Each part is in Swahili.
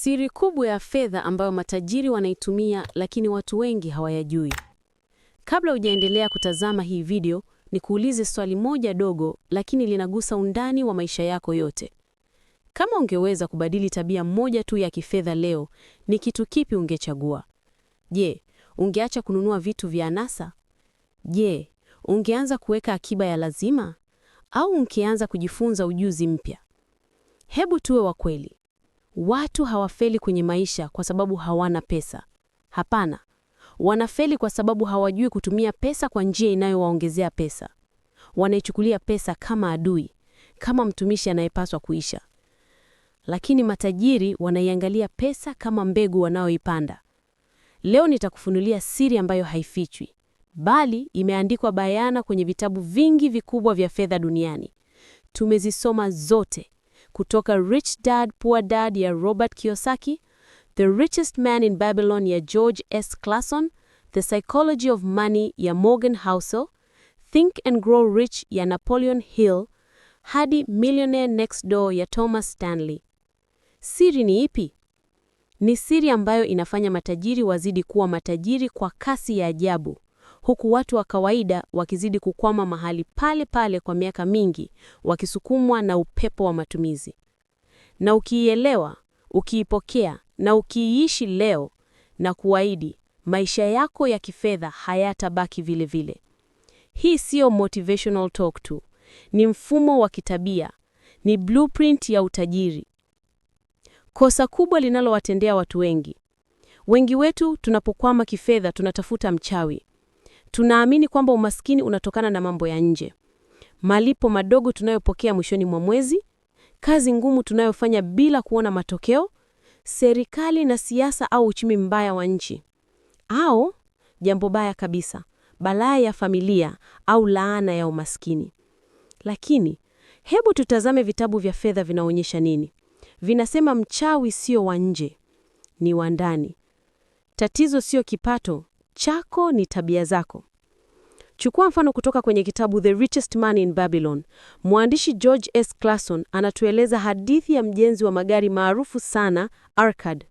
Siri kubwa ya fedha ambayo matajiri wanaitumia lakini watu wengi hawayajui. Kabla hujaendelea kutazama hii video, nikuulize swali moja dogo lakini linagusa undani wa maisha yako yote. Kama ungeweza kubadili tabia moja tu ya kifedha leo, ni kitu kipi ungechagua? Je, ungeacha kununua vitu vya anasa? Je, ungeanza kuweka akiba ya lazima au ungeanza kujifunza ujuzi mpya? Hebu tuwe wa kweli. Watu hawafeli kwenye maisha kwa sababu hawana pesa. Hapana, wanafeli kwa sababu hawajui kutumia pesa kwa njia inayowaongezea pesa. Wanaichukulia pesa kama adui, kama mtumishi anayepaswa kuisha. Lakini matajiri wanaiangalia pesa kama mbegu wanaoipanda. Leo nitakufunulia siri ambayo haifichwi, bali imeandikwa bayana kwenye vitabu vingi vikubwa vya fedha duniani. Tumezisoma zote kutoka Rich Dad Poor Dad ya Robert Kiyosaki, The Richest Man in Babylon ya George S. Clason, The Psychology of Money ya Morgan Housel, Think and Grow Rich ya Napoleon Hill hadi Millionaire Next Door ya Thomas Stanley. Siri ni ipi? Ni siri ambayo inafanya matajiri wazidi kuwa matajiri kwa kasi ya ajabu huku watu wa kawaida wakizidi kukwama mahali pale pale kwa miaka mingi, wakisukumwa na upepo wa matumizi. Na ukiielewa, ukiipokea na ukiiishi leo, na kuahidi, maisha yako ya kifedha hayatabaki vile vile. Hii siyo motivational talk tu, ni mfumo wa kitabia, ni blueprint ya utajiri. Kosa kubwa linalowatendea watu wengi, wengi wetu tunapokwama kifedha tunatafuta mchawi, Tunaamini kwamba umaskini unatokana na mambo ya nje: malipo madogo tunayopokea mwishoni mwa mwezi, kazi ngumu tunayofanya bila kuona matokeo, serikali na siasa au uchumi mbaya wa nchi, au jambo baya kabisa, balaa ya familia au laana ya umaskini. Lakini hebu tutazame vitabu vya fedha vinaonyesha nini. Vinasema mchawi sio wa nje, ni wa ndani. Tatizo sio kipato, chako ni tabia zako. Chukua mfano kutoka kwenye kitabu The Richest Man in Babylon. Mwandishi George S. Clason anatueleza hadithi ya mjenzi wa magari maarufu sana Arkad.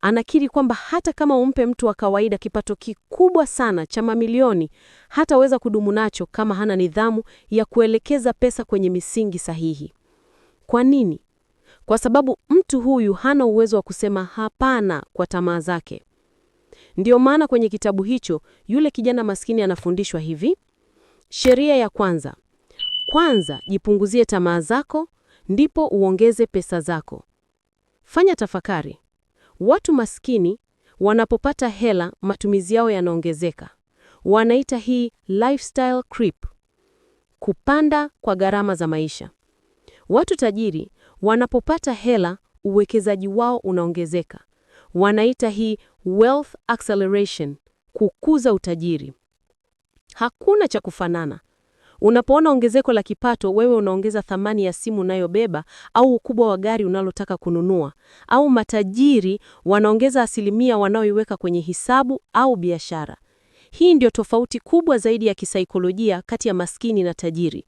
Anakiri kwamba hata kama umpe mtu wa kawaida kipato kikubwa sana cha mamilioni, hataweza kudumu nacho kama hana nidhamu ya kuelekeza pesa kwenye misingi sahihi. Kwa nini? Kwa sababu mtu huyu hana uwezo wa kusema hapana kwa tamaa zake. Ndiyo maana kwenye kitabu hicho yule kijana maskini anafundishwa hivi: sheria ya kwanza, kwanza jipunguzie tamaa zako, ndipo uongeze pesa zako. Fanya tafakari. Watu maskini wanapopata hela, matumizi yao yanaongezeka. Wanaita hii lifestyle creep, kupanda kwa gharama za maisha. Watu tajiri wanapopata hela, uwekezaji wao unaongezeka. Wanaita hii wealth acceleration, kukuza utajiri. Hakuna cha kufanana. Unapoona ongezeko la kipato, wewe unaongeza thamani ya simu unayobeba au ukubwa wa gari unalotaka kununua, au matajiri wanaongeza asilimia wanaoiweka kwenye hisabu au biashara. Hii ndio tofauti kubwa zaidi ya kisaikolojia kati ya maskini na tajiri.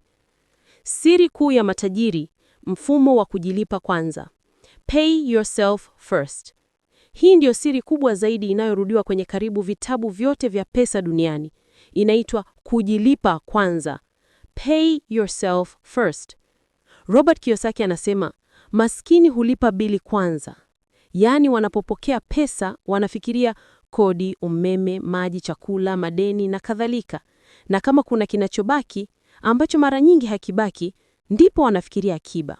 Siri kuu ya matajiri: mfumo wa kujilipa kwanza, pay yourself first. Hii ndiyo siri kubwa zaidi inayorudiwa kwenye karibu vitabu vyote vya pesa duniani. Inaitwa kujilipa kwanza, pay yourself first. Robert Kiyosaki anasema maskini hulipa bili kwanza, yaani wanapopokea pesa wanafikiria kodi, umeme, maji, chakula, madeni na kadhalika, na kama kuna kinachobaki ambacho mara nyingi hakibaki, ndipo wanafikiria akiba.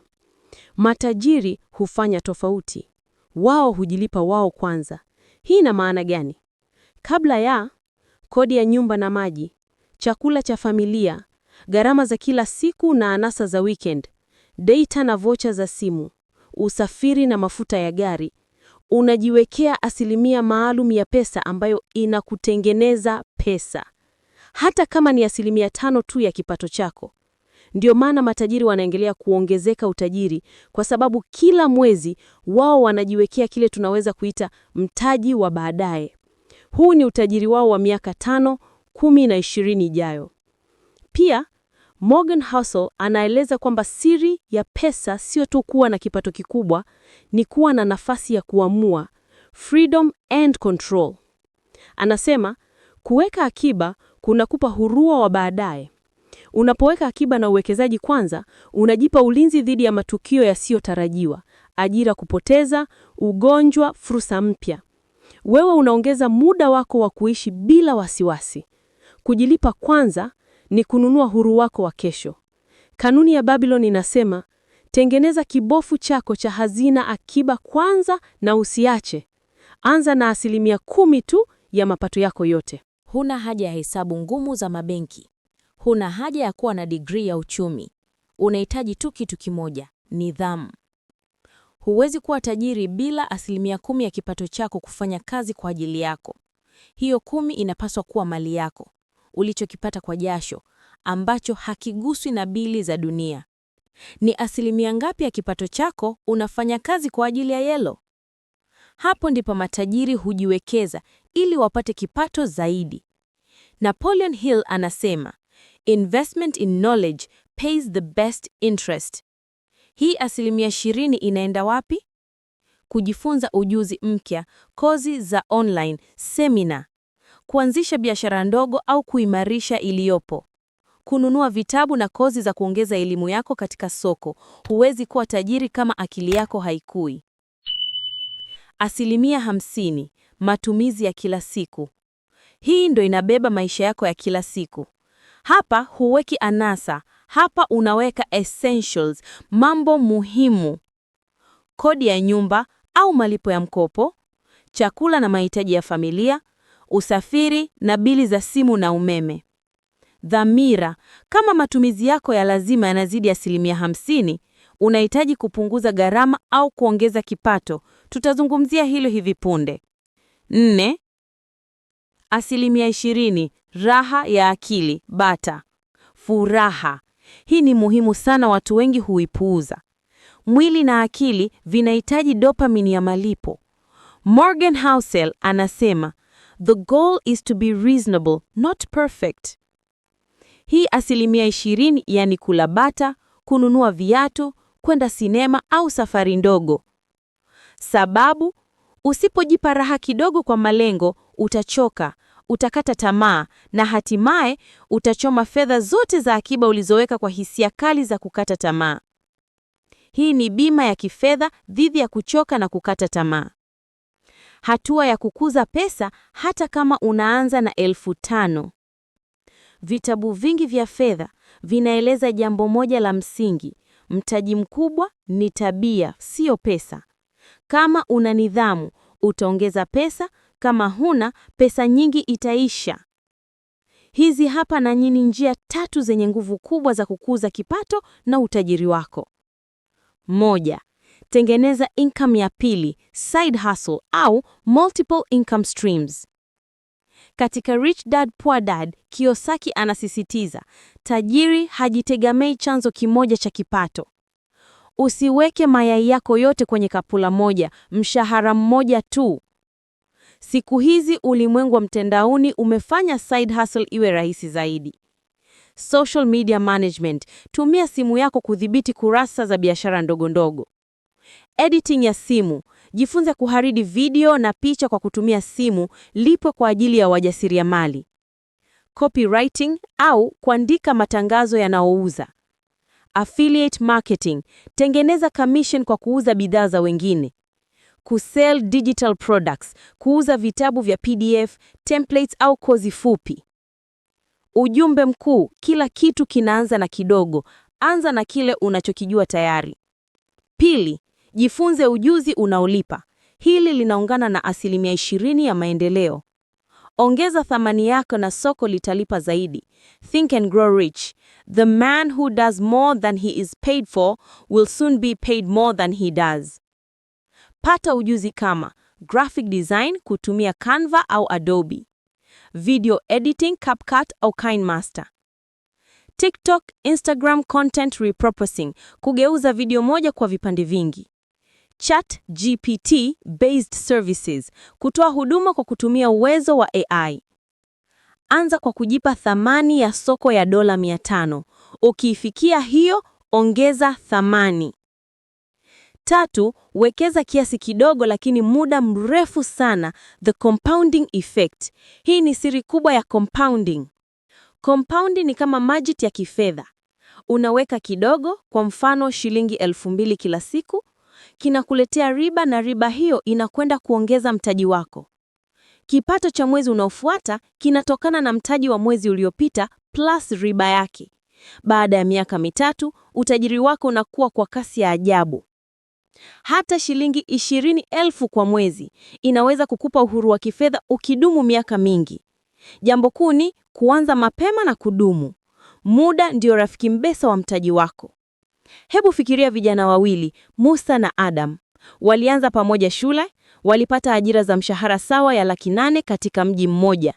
Matajiri hufanya tofauti wao hujilipa wao kwanza. Hii ina maana gani? Kabla ya kodi ya nyumba na maji, chakula cha familia, gharama za kila siku na anasa za weekend, data na vocha za simu, usafiri na mafuta ya gari, unajiwekea asilimia maalum ya pesa ambayo inakutengeneza pesa, hata kama ni asilimia tano tu ya kipato chako. Ndio maana matajiri wanaendelea kuongezeka utajiri, kwa sababu kila mwezi wao wanajiwekea kile tunaweza kuita mtaji wa baadaye. Huu ni utajiri wao wa miaka tano, kumi na ishirini ijayo. Pia Morgan Housel anaeleza kwamba siri ya pesa sio tu kuwa na kipato kikubwa, ni kuwa na nafasi ya kuamua, freedom and control. Anasema kuweka akiba kunakupa hurua wa baadaye. Unapoweka akiba na uwekezaji kwanza, unajipa ulinzi dhidi ya matukio yasiyotarajiwa: ajira kupoteza, ugonjwa, fursa mpya. Wewe unaongeza muda wako wa kuishi bila wasiwasi. Kujilipa kwanza ni kununua huru wako wa kesho. Kanuni ya Babylon inasema, tengeneza kibofu chako cha hazina akiba kwanza na usiache. Anza na asilimia kumi tu ya mapato yako yote. Huna haja ya hesabu ngumu za mabenki. Huna haja ya kuwa na digrii ya uchumi, unahitaji tu kitu kimoja: nidhamu. Huwezi kuwa tajiri bila asilimia kumi ya kipato chako kufanya kazi kwa ajili yako. Hiyo kumi inapaswa kuwa mali yako, ulichokipata kwa jasho, ambacho hakiguswi na bili za dunia. Ni asilimia ngapi ya kipato chako unafanya kazi kwa ajili ya Yellow? Hapo ndipo matajiri hujiwekeza ili wapate kipato zaidi. Napoleon Hill anasema Investment in knowledge pays the best interest. Hii asilimia ishirini inaenda wapi? Kujifunza ujuzi mpya, kozi za online, semina, kuanzisha biashara ndogo au kuimarisha iliyopo, kununua vitabu na kozi za kuongeza elimu yako katika soko. Huwezi kuwa tajiri kama akili yako haikui. Asilimia hamsini matumizi ya kila siku. Hii ndo inabeba maisha yako ya kila siku. Hapa huweki anasa, hapa unaweka essentials, mambo muhimu: kodi ya nyumba au malipo ya mkopo, chakula na mahitaji ya familia, usafiri na bili za simu na umeme. Dhamira: kama matumizi yako ya lazima yanazidi asilimia hamsini, unahitaji kupunguza gharama au kuongeza kipato. Tutazungumzia hilo hivi punde. Nne, Asilimia ishirini raha ya akili bata. Furaha hii ni muhimu sana, watu wengi huipuuza. Mwili na akili vinahitaji dopamine ya malipo. Morgan Housel anasema the goal is to be reasonable not perfect. Hii asilimia ishirini yani kula bata, kununua viatu, kwenda sinema au safari ndogo. Sababu Usipojipa raha kidogo kwa malengo, utachoka, utakata tamaa na hatimaye utachoma fedha zote za akiba ulizoweka kwa hisia kali za kukata tamaa. Hii ni bima ya kifedha dhidi ya kuchoka na kukata tamaa. Hatua ya kukuza pesa hata kama unaanza na elfu tano. Vitabu vingi vya fedha vinaeleza jambo moja la msingi: mtaji mkubwa ni tabia, sio pesa. Kama una nidhamu, utaongeza pesa, kama huna, pesa nyingi itaisha. Hizi hapa na nyinyi njia tatu zenye nguvu kubwa za kukuza kipato na utajiri wako. Moja, tengeneza income ya pili, side hustle au multiple income streams. Katika Rich Dad Poor Dad, Kiyosaki anasisitiza, tajiri hajitegemei chanzo kimoja cha kipato. Usiweke mayai yako yote kwenye kapula moja, mshahara mmoja tu. Siku hizi ulimwengu wa mtandaoni umefanya side hustle iwe rahisi zaidi. Social media management: tumia simu yako kudhibiti kurasa za biashara ndogo ndogo. Editing ya simu: jifunze kuharidi video na picha kwa kutumia simu. Lipwe kwa ajili ya wajasiriamali. Copywriting au kuandika matangazo yanayouza affiliate marketing, tengeneza commission kwa kuuza bidhaa za wengine. Kusell digital products, kuuza vitabu vya PDF, templates au kozi fupi. Ujumbe mkuu, kila kitu kinaanza na kidogo. Anza na kile unachokijua tayari. Pili, jifunze ujuzi unaolipa. Hili linaungana na asilimia ishirini ya maendeleo. Ongeza thamani yako na soko litalipa zaidi. Think and grow rich. The man who does more than he is paid for will soon be paid more than he does. Pata ujuzi kama graphic design kutumia Canva au Adobe, video editing CapCut au KineMaster, TikTok, Instagram content repurposing, kugeuza video moja kwa vipande vingi. ChatGPT based services, kutoa huduma kwa kutumia uwezo wa AI. Anza kwa kujipa thamani ya soko ya dola 500. Ukiifikia hiyo, ongeza thamani. Tatu, wekeza kiasi kidogo lakini muda mrefu sana, the compounding effect. Hii ni siri kubwa ya compounding. Compounding ni kama majit ya kifedha. Unaweka kidogo, kwa mfano shilingi elfu mbili kila siku, kinakuletea riba na riba hiyo inakwenda kuongeza mtaji wako. Kipato cha mwezi unaofuata kinatokana na mtaji wa mwezi uliopita plus riba yake. Baada ya miaka mitatu, utajiri wako unakuwa kwa kasi ya ajabu. Hata shilingi ishirini elfu kwa mwezi inaweza kukupa uhuru wa kifedha ukidumu miaka mingi. Jambo kuu ni kuanza mapema na kudumu. Muda ndio rafiki mbesa wa mtaji wako. Hebu fikiria vijana wawili, Musa na Adam. Walianza pamoja shule, walipata ajira za mshahara sawa ya laki nane katika mji mmoja.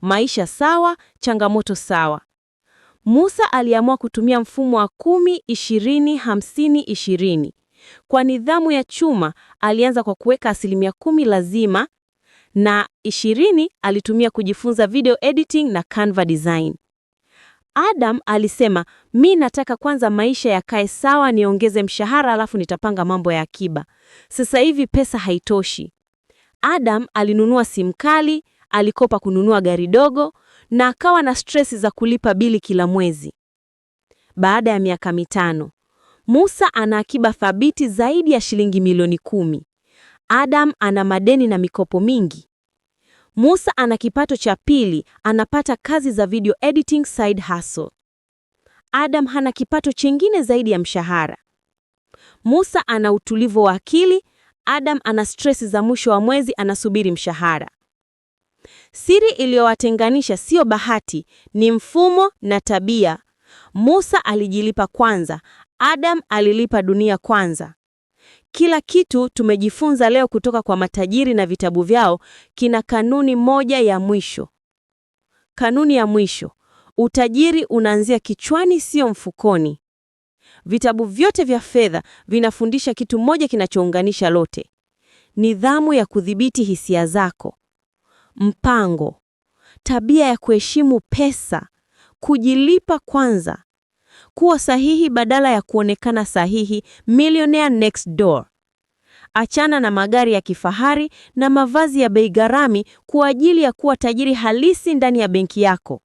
Maisha sawa, changamoto sawa. Musa aliamua kutumia mfumo wa kumi ishirini hamsini ishirini. Kwa nidhamu ya chuma, alianza kwa kuweka asilimia kumi lazima na ishirini alitumia kujifunza video editing na Canva design. Adam alisema, mi nataka kwanza maisha yakae sawa, niongeze mshahara alafu nitapanga mambo ya akiba. Sasa hivi pesa haitoshi. Adam alinunua simu kali, alikopa kununua gari dogo na akawa na stresi za kulipa bili kila mwezi. Baada ya miaka mitano, Musa ana akiba thabiti zaidi ya shilingi milioni kumi. Adam ana madeni na mikopo mingi. Musa ana kipato cha pili, anapata kazi za video editing side hustle. Adam hana kipato chingine zaidi ya mshahara. Musa ana utulivu wa akili, Adam ana stress za mwisho wa mwezi, anasubiri mshahara. Siri iliyowatenganisha sio bahati, ni mfumo na tabia. Musa alijilipa kwanza, Adam alilipa dunia kwanza. Kila kitu tumejifunza leo kutoka kwa matajiri na vitabu vyao kina kanuni moja ya mwisho. Kanuni ya mwisho: utajiri unaanzia kichwani, sio mfukoni. Vitabu vyote vya fedha vinafundisha kitu moja kinachounganisha lote: nidhamu ya kudhibiti hisia zako, mpango, tabia ya kuheshimu pesa, kujilipa kwanza, kuwa sahihi badala ya kuonekana sahihi. Millionaire Next Door. Achana na magari ya kifahari na mavazi ya bei gharami kwa ajili ya kuwa tajiri halisi ndani ya benki yako.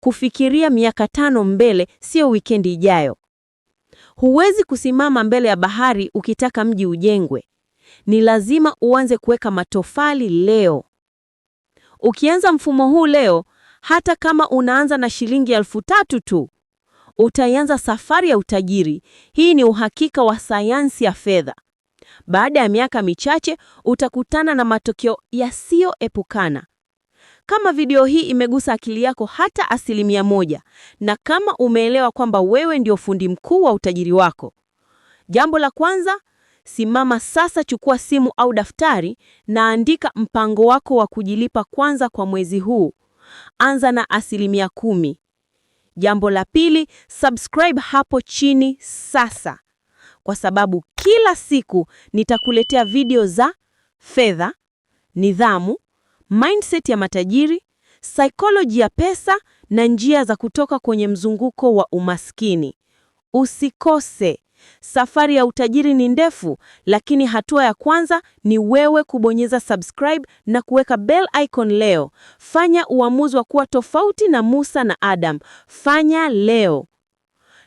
Kufikiria miaka tano mbele, sio wikendi ijayo. Huwezi kusimama mbele ya bahari ukitaka mji ujengwe. Ni lazima uanze kuweka matofali leo. Ukianza mfumo huu leo, hata kama unaanza na shilingi elfu tatu tu, utaanza safari ya utajiri. Hii ni uhakika wa sayansi ya fedha. Baada ya miaka michache utakutana na matokeo yasiyoepukana. Kama video hii imegusa akili yako hata asilimia moja, na kama umeelewa kwamba wewe ndio fundi mkuu wa utajiri wako, jambo la kwanza, simama sasa, chukua simu au daftari na andika mpango wako wa kujilipa kwanza kwa mwezi huu. Anza na asilimia kumi. Jambo la pili, subscribe hapo chini sasa, kwa sababu kila siku nitakuletea video za fedha, nidhamu, mindset ya matajiri, psychology ya pesa na njia za kutoka kwenye mzunguko wa umaskini. Usikose. Safari ya utajiri ni ndefu, lakini hatua ya kwanza ni wewe kubonyeza subscribe na kuweka bell icon leo. Fanya uamuzi wa kuwa tofauti na Musa na Adam. Fanya leo.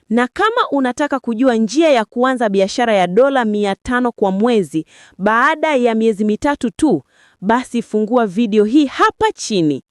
Na kama unataka kujua njia ya kuanza biashara ya dola 500 kwa mwezi baada ya miezi mitatu tu, basi fungua video hii hapa chini.